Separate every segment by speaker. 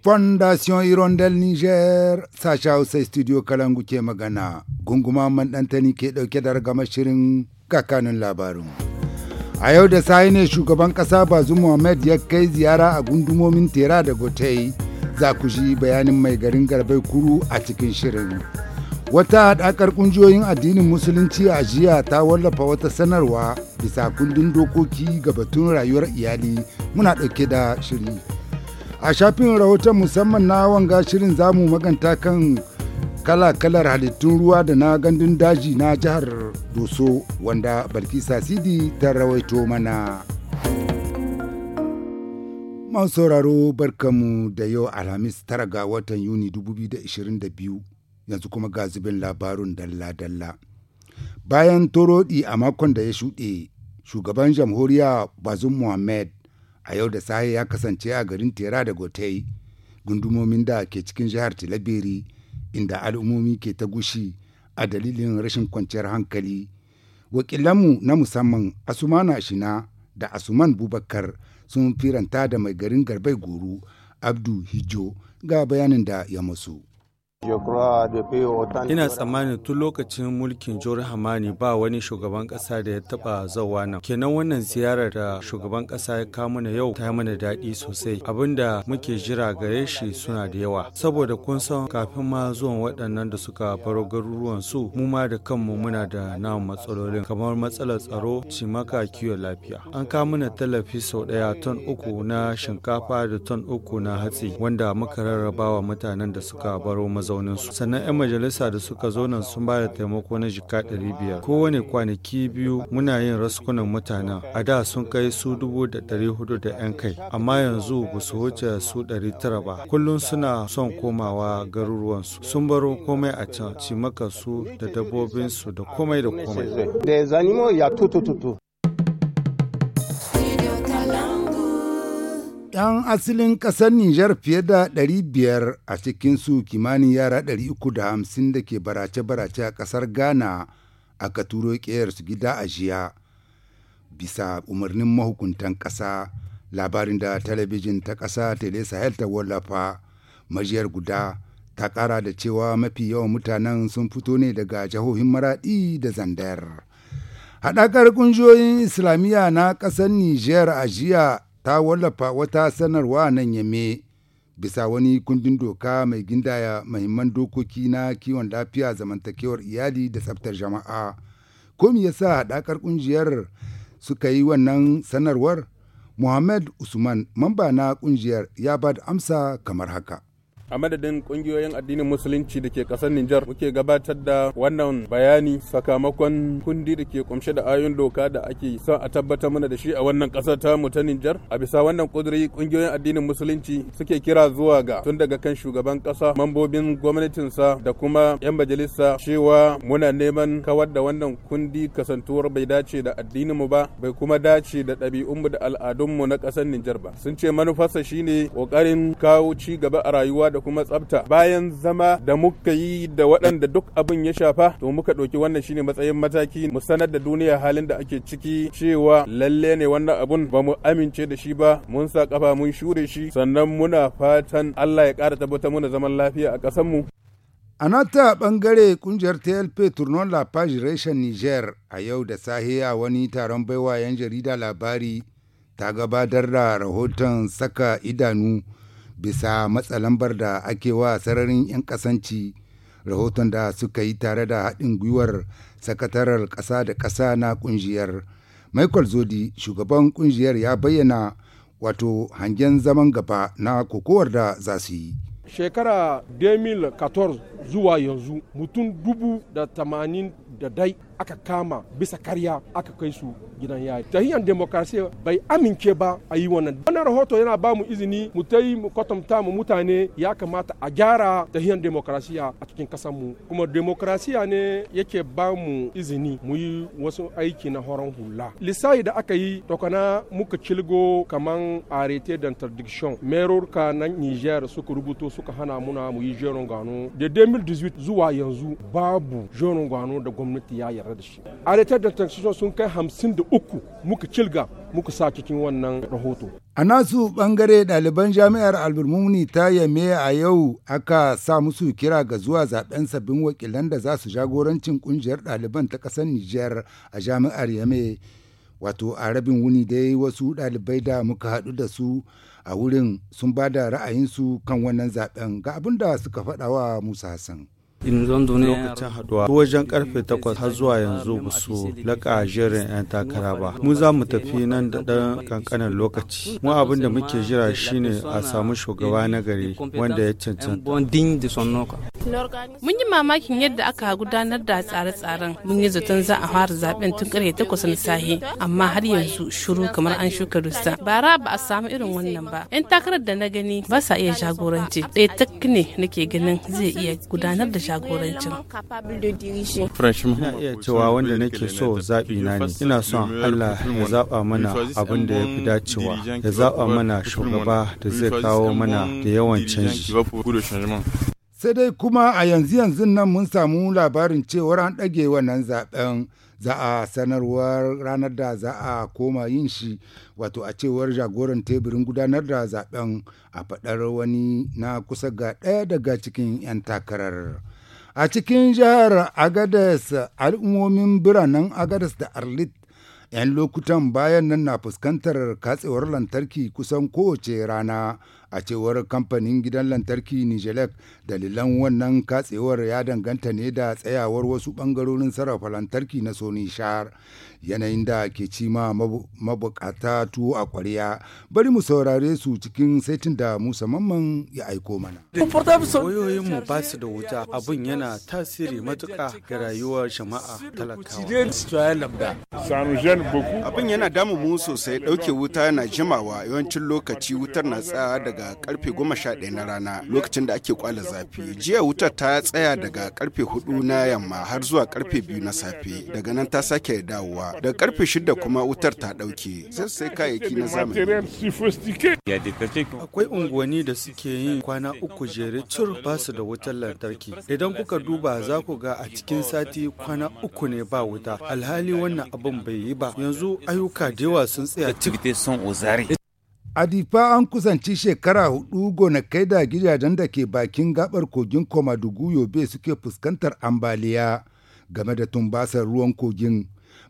Speaker 1: Fondation irondel Niger sasha Hausa Studio Kalangu ke magana gunguma man ɗantani ke dauke da ragama shirin kakanin labarin. A yau da sai ne shugaban ƙasa Bazu Muhammad ya kai ziyara a gundumomin Tera da gotei za ku ji bayanin mai garin Garbai Kuru a cikin shirin. Wata haɗakar ƙungiyoyin addinin Musulunci a jiya ta wallafa wata sanarwa bisa kundin dokoki ga batun rayuwar iyali muna ɗauke da shiri. a shafin rahoton musamman na wanga shirin zamu maganta kan kala-kalar halittun ruwa da na gandun daji na jihar doso wanda balkisa sidi ta rawaito mana Man sauraro barkamu da yau alhamis tara ga watan yuni 2022 yanzu kuma ga zubin labarun dalla-dalla bayan torodi a makon da ya shuɗe shugaban jamhuriya bazin mohamed a yau da sahi ya kasance a garin tera da gotai gundumomin da ke cikin jihar tilabiri inda al'ummomi ke ta gushi a dalilin rashin kwanciyar hankali wakilanmu na musamman asumana shina da asuman bubakar sun firanta da mai garin garbai goro abdu hijo ga bayanin da ya masu
Speaker 2: Ina tsammanin tun lokacin mulkin Jor Hamani ba wani shugaban ƙasa da ya taba zauwa nan. Kenan wannan ziyarar da shugaban ƙasa ya kawo mana yau ta mana daɗi sosai. Abinda muke jira gare shi suna da yawa. Saboda kun san kafin ma zuwan waɗannan da suka baro garuruwan su mu ma da kanmu muna da namu matsalolin kamar matsalar tsaro, cimaka, kiwon lafiya. An kawo mana tallafi sau ɗaya ton uku na shinkafa da ton uku na hatsi wanda muka rarrabawa mutanen da suka baro maza. su sannan 'yan majalisa da suka zo sun ba da taimako na jika biyar kowane kwanaki biyu muna yin raskunan mutanen a da sun kai su 400 da 'yan kai amma yanzu ba su wuce su 900 ba kullum suna son komawa garuruwan su sun baro komai a can cimaka su da dabbobinsu da komai da komai
Speaker 1: 'yan asalin ƙasar Nijar fiye da 500 a cikinsu kimanin yara 350 da ke barace-barace a ƙasar Ghana aka turo su gida a jiya. Bisa umarnin mahukuntan ƙasa, labarin da talabijin ta ƙasa Telesa Sahel ta wallafa, majiyar guda ta ƙara da cewa mafi yawan mutanen sun fito ne daga jihohin Maraɗi da Zandar. Haɗakar ƙungiyoyin Islamiyya na ƙasar Nijar a jiya ta wallafa wata sanarwa nan yame bisa wani kundin doka mai gindaya mahimman dokoki na kiwon lafiya zamantakewar iyali da tsaftar jama'a ko me sa haɗakar ƙungiyar suka yi wannan sanarwar muhammad usman mamba na ƙungiyar ya ba da amsa kamar haka a
Speaker 3: madadin kungiyoyin addinin musulunci da ke kasar Nijar muke gabatar da wannan bayani sakamakon kundi da ke kumshe da ayoyin doka da ake son a tabbatar mana da shi a wannan kasar ta mu ta Nijar a bisa wannan kuduri kungiyoyin addinin musulunci suke kira zuwa ga tun daga kan shugaban kasa mambobin gwamnatin sa da kuma yan majalisa cewa muna neman kawar da wannan kundi kasantuwar bai dace da addinin mu ba bai kuma dace da ɗabi'unmu da al'adunmu na kasar Nijar ba sun ce manufarsa shine kokarin kawo ci gaba a rayuwa da kuma tsafta bayan zama da muka yi da waɗanda duk abin ya shafa to muka ɗauki wannan shine matsayin mataki mu sanar da duniya halin da ake ciki cewa lalle ne wannan abun ba mu amince da shi ba mun sa kafa mun shure shi sannan muna fatan Allah ya ƙara tabbatar muna zaman lafiya a ƙasar mu
Speaker 1: A nata ɓangare kungiyar TLP Tournon La Page Reshen Niger a yau da sahiya wani taron baiwa 'yan jarida labari ta gabatar da rahoton saka idanu bisa lambar da ake wa sararin 'yan kasanci rahoton da suka yi tare da haɗin gwiwar sakatarar ƙasa da ƙasa na ƙungiyar michael zodi shugaban ƙungiyar ya bayyana wato hangen zaman gaba na kokowar da za su yi
Speaker 3: shekara 2014 zuwa yanzu mutum dubu da tamanin da dai aka kama bisa karya aka kai su gidan yari tahiyan demokrasiya bai amince ba a yi wannan wannan rahoto yana ba mu izini mu ta yi mu kwatanta mu mutane ya kamata a gyara tahiyan demokarasi a cikin kasar mu kuma demokarasi ne yake ba mu izini mu yi wasu aiki na horon hula lissayi da aka yi tokana muka cilgo kaman arete da interdiction merorka na niger suka rubuto suka hana muna mu yi jeron gano da 2018 zuwa yanzu babu jeron gano da gwamnati ya yi tare da shi da taksiso sun kai hamsin da uku muka cilga muka sa cikin wannan rahoto
Speaker 1: a nasu bangare ɗaliban jami'ar albulmuni ta yame a yau aka sa musu kira ga zuwa zaben sabbin wakilan da za su jagorancin kungiyar ɗaliban ta ƙasar nijar a jami'ar yame wato a rabin wuni dai wasu ɗalibai da muka haɗu da su a wurin sun ba da ra'ayinsu kan wannan zaben ga abin da suka faɗa wa musa hassan
Speaker 2: lokacin haduwa wajen karfe 8 har zuwa yanzu ba su laka jirin 'yan takara ba mu za mu tafi nan da ɗan kankanin lokaci mu abin da muke jira shine a samu shugaba na gari wanda ya cancanta
Speaker 4: Mun yi mamakin yadda aka gudanar da tsare-tsaren mun yi zaton za a fara zaben tun karfe takwas na sahi amma har yanzu shuru kamar an shuka rusta. Bara ba a samu irin wannan ba. Yan takarar da na gani ba sa iya jagoranci. Ɗaya tak ne nake ganin zai iya gudanar da jagorancin.
Speaker 2: Ina iya cewa wanda nake so zaɓi na ne. Ina son Allah ya zaba mana abin da ya fi dacewa. Ya zaba mana shugaba da zai kawo mana da yawan canji.
Speaker 1: sai dai kuma a yanzu yanzu nan mun samu labarin cewar an ɗage wannan zaben za a sanarwar ranar da za a koma yin shi wato a cewar jagoran teburin gudanar da zaɓen a faɗar wani na kusa ga ɗaya daga cikin 'yan takarar a cikin jihar agadas al'ummomin biranen agadas da arlit 'yan lokutan bayan nan na fuskantar katsewar lantarki kusan kowace rana a cewar kamfanin gidan lantarki nijelek dalilan wannan katsewar ya danganta ne da tsayawar wasu bangarorin sarrafa lantarki na soni shahar yanayin da ke ci ma mabukata tuwo a kwarya bari mu saurare su cikin saitin da musa mamman ya aiko
Speaker 2: mana wayoyinmu ba su da wuta abun yana tasiri matuka ga rayuwar jama'a talakawa
Speaker 3: abin yana damu mu sosai dauke wuta na jimawa yawancin lokaci wutar na tsaya daga daga karfe 11 na rana lokacin da ake kwala zafi. Jiya wutar ta tsaya daga karfe hudu na yamma har zuwa karfe 2 na safe. Daga nan ta sake dawowa. Daga karfe 6 kuma wutar ta dauke.
Speaker 2: Sai sai kayayyaki na zamani. Akwai unguwanni da suke yin kwana uku jere tur ba su da wutar lantarki. Idan kuka duba za ku ga a cikin sati kwana uku ne ba wuta. Alhali wannan abin bai yi ba. Yanzu ayyuka da yawa sun tsaya.
Speaker 1: Adifa an kusanci shekara hudu gonakai da gidajen da ke bakin gabar kogin Komadugu Yobe suke fuskantar ambaliya game da tumbasar ruwan kogin.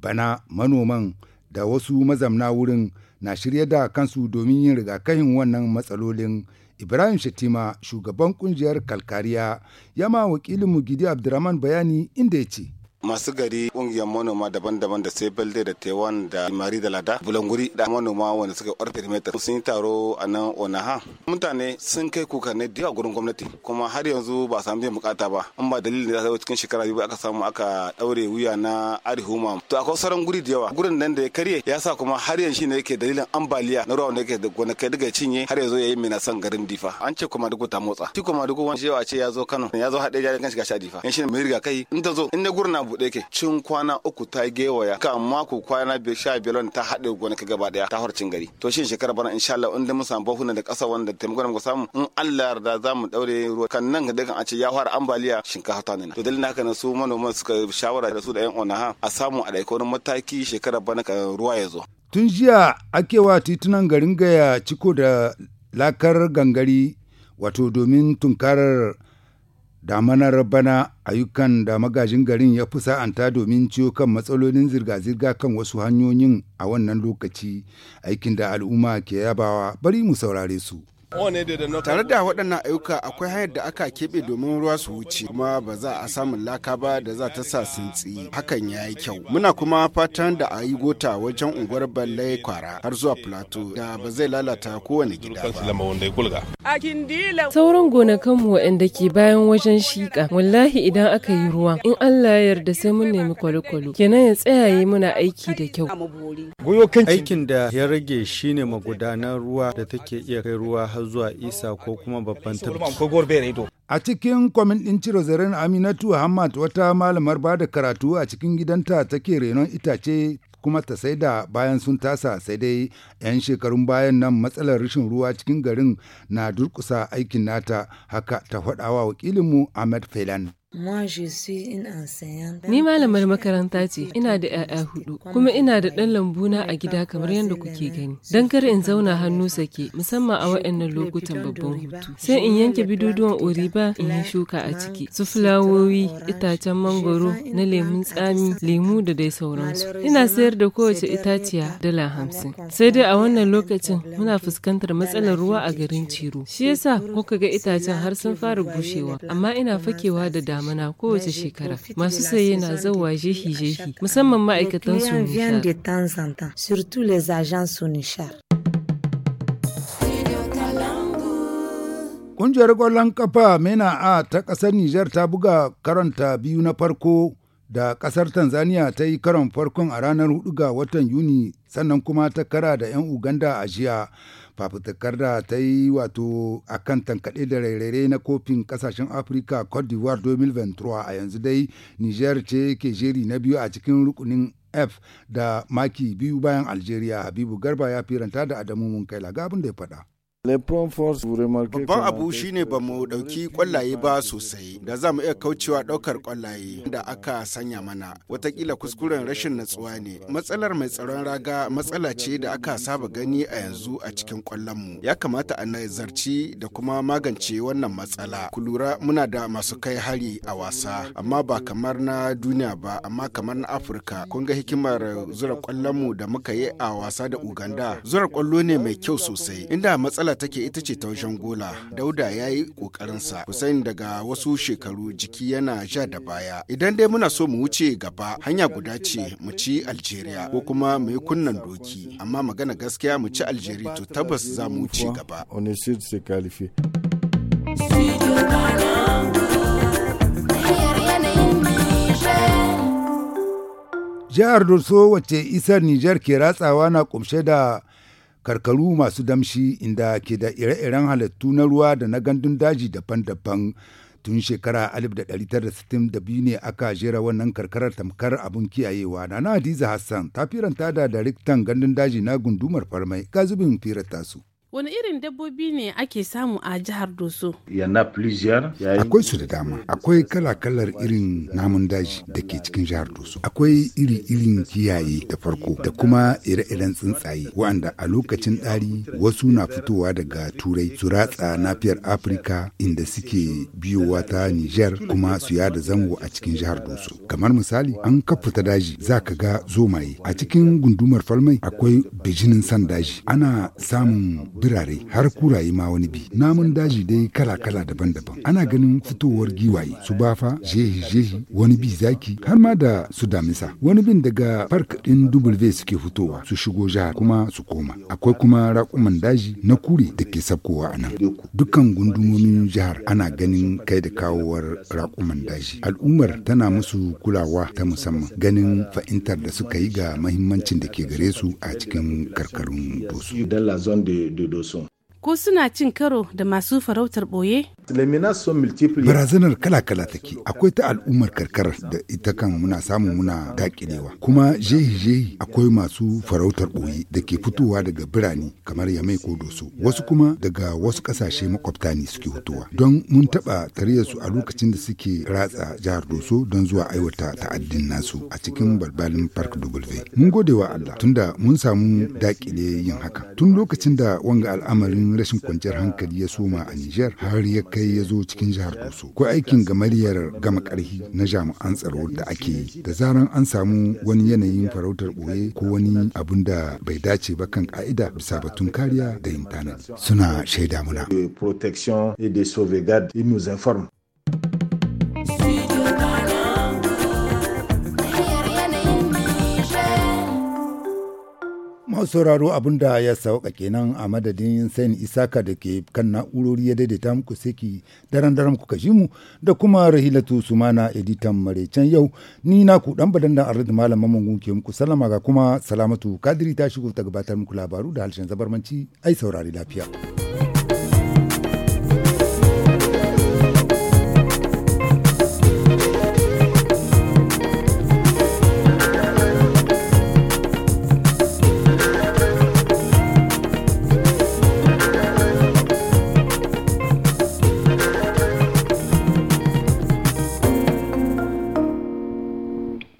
Speaker 1: Bana manoman da wasu mazamna wurin na shirya da kansu domin yin rigakafin wannan matsalolin. Ibrahim Shatima, shugaban kungiyar Kalkariya, ma wakilinmu Gidi Abdurrahman bayani inda ya ce.
Speaker 5: masu gari kungiyar manoma daban-daban da sai da taiwan da mari da lada bulanguri da manoma wanda suka ortar metar sun yi taro a nan onaha mutane sun kai kukanne da yawa gurin gwamnati kuma har yanzu ba a samu bukata ba an ba dalilin da za cikin shekara biyu aka samu aka daure wuya na arihuma to akwai sauran guri da yawa gurin nan da ya karye ya sa kuma har yanzu ne yake dalilin ambaliya na ruwa wanda yake gona kai daga cinye har yanzu yayi mina san garin difa an ce kuma duk ta motsa shi kuma duk wani ce ya zo kano ya zo haɗe jarin kan shiga sha difa shi ne mai riga kai in ta zo in na buɗe ke cin kwana uku ta gewaya kan mako kwana biyar sha biyar ta haɗe gonaki gaba ɗaya ta harcin gari to shin shekara bana insha Allah in da mun samu bahuna da ƙasa wanda taimakon mu samu in Allah yarda za mu daure ruwa kan nan ga dakan a ce ya fara ambaliya shinkafa ta nuna to dalilin haka na su manoman suka shawara da su da yan onaha a samu a ɗauki wani mataki shekara bana ka ruwa ya zo
Speaker 1: tun jiya ake wa titunan garin gaya ciko da lakar gangari wato domin tunkarar da damanar bana ayyukan da magajin garin ya fusa'anta domin ciyo kan matsalolin zirga-zirga kan wasu hanyoyin a wannan lokaci aikin da al'umma ke yabawa bari mu saurare su.
Speaker 3: Tare da waɗannan ayyuka akwai hanyar da aka keɓe domin ruwa su wuce kuma ba za a samun laka ba da za ta sa sintsi hakan ya yi kyau. Muna kuma fatan da a yi gota wajen unguwar balle kwara har zuwa plateau da ba zai lalata kowane gida ba.
Speaker 4: Sauran gonakanmu waɗanda ke bayan wajen shiƙa wallahi idan aka yi ruwa in Allah ya yarda sai mun nemi kwalokwalo kenan ya tsayaye muna aiki da kyau.
Speaker 2: Aikin da ya rage shine magudanar ruwa da take iya kai ruwa har zuwa isa ko kuma babban tabbaci.
Speaker 1: A cikin kwamin ɗin zaren Aminatu Hamad wata malamar ba da karatu a cikin gidanta take renon itace kuma ta sai da bayan sun tasa sai dai 'yan shekarun bayan nan matsalar rashin ruwa cikin garin na durkusa aikin nata haka ta faɗawa wakilinmu Ahmed Felan.
Speaker 4: Ni malamar makaranta ce, ina da 'ya'ya hudu, kuma ina da ɗan lambu na a gida kamar yadda kuke gani. Don kar in zauna hannu sake, musamman a waɗannan lokutan babban hutu. Sai in yanke bidoduwan oriba in yi shuka a ciki, su fulawowi, itacen mangoro, na lemun tsami, lemu da dai sauransu. Ina sayar da kowace itaciya dala hamsin. Sai dai a wannan lokacin muna fuskantar matsalar ruwa a garin Ciro. Shi yasa kuka ga itacen har sun fara bushewa, amma ina fakewa da dama. damana kowace shekara masu saye na zauwa jehi-jehi musamman ma'aikatan su nishar. Ƙungiyar ƙwallon ƙafa
Speaker 1: MENA A ta ƙasar Nijar ta buga karanta biyu na farko da ƙasar Tanzania ta yi karon farkon a ranar 4 ga watan Yuni sannan kuma ta kara da 'yan Uganda a jiya. Fafutukar da ta yi wato a kan tankaɗe da rairere na kofin ƙasashen Afirka Cote d'Ivoire 2023 a yanzu dai Niger ce ke jeri na biyu a cikin rukunin F da maki biyu bayan Algeria Habibu Garba ya firanta da Adamu Munkaila ga abin da ya faɗa. Babban abu
Speaker 3: shine ba mu ɗauki ƙwallaye ba sosai da za mu iya kaucewa ɗaukar kwallaye da aka sanya mana. Watakila kuskuren rashin natsuwa ne. Matsalar mai tsaron raga matsala ce da aka saba gani a yanzu a cikin mu. Ya kamata a nazarci da kuma magance wannan matsala. Ku lura muna da masu kai hari a wasa amma ba kamar na duniya ba amma kamar na Afirka. Kun ga hikimar zura mu da muka yi a wasa da Uganda. Zura kwallo ne mai kyau sosai inda matsala matsala take ita ce ta gola. Dauda ya yi ƙoƙarinsa. kusan daga wasu shekaru jiki yana ja da baya. Idan dai muna so mu wuce gaba hanya guda ce mu ci Algeria ko kuma mu yi kunnan doki. Amma magana gaskiya mu ci
Speaker 1: Algeria to
Speaker 3: tabbas za mu wuce
Speaker 2: gaba.
Speaker 1: jihar Dorso wacce isar Nijar ke ratsawa na kumshe da karkaru masu damshi inda ke da ire-iren halittu na ruwa da na gandun daji daban-daban tun shekara 1962 ne aka jera wannan karkarar tamkar abun kiyayewa na hadiza hassan ta firanta da daraktan gandun daji na gundumar farmai ga zubin firar su
Speaker 4: Wani irin dabbobi ne ake samu a jihar Doso?
Speaker 5: Akwai
Speaker 1: su da dama. Akwai kala-kalar irin namun daji da ke cikin jihar Doso. Akwai iri-irin kiyaye da farko da kuma ire-iren tsuntsaye waɗanda a lokacin ɗari wasu na fitowa daga Turai su ratsa nafiyar Afirka inda suke biyowa ta Nijar kuma su yada zango a cikin jihar Doso. Kamar misali an kafa daji za ka ga zomaye. A cikin gundumar falmai akwai bijinin san daji. Ana samun birare har kuraye ma wani bi namun daji dai kala kala daban-daban ana ganin fitowar giwaye su bafa jehi jehi wani bi zaki har ma da su damisa wani bin daga park din w suke fitowa su shigo jihar kuma su koma akwai kuma raƙuman daji na kure da ke sabkowa a nan dukkan gundumomin jihar ana ganin kai da kawowar raƙuman daji al'ummar tana musu kulawa ta musamman ganin fahimtar da suka yi ga mahimmancin da ke gare su a cikin karkarun dosu.
Speaker 4: Ko suna cin karo da masu farautar ɓoye?
Speaker 1: Barazanar kala-kala take akwai ta al'ummar karkara da ita kan muna samu muna dakilewa kuma jehi-jehi akwai masu farautar ɓoye da ke fitowa daga birane kamar yamai ko doso wasu kuma daga wasu ƙasashe makwabta ne suke fitowa don mun taɓa tare su a lokacin da suke ratsa jihar doso don zuwa aiwata ta'addin nasu a cikin balbalin park w mun gode wa allah tunda mun samu dakile yin haka tun lokacin da wanga al'amarin rashin kwanciyar hankali ya soma a niger har ya kai kai ya zo cikin jihar doso ko aikin gamariyar gama karhi na jami'an tsaro da ake yi da zaran an samu wani yanayin farautar ɓoye ko wani abun da bai dace ba kan ƙa'ida bisa batun kariya da intanet suna shaida muna masu sauraro abin da ya sauka kenan a madadin sain isaka da ke kan na'urori ya daidaita muku seki daren daren kuka ji mu da kuma rahilatu sumana editan marecen yau ni na ku dan badan da arzikin malam mamman ke muku salama ga kuma salamatu kadiri ta shigo ta gabatar muku labaru da harshen zabarmanci ai saurari lafiya.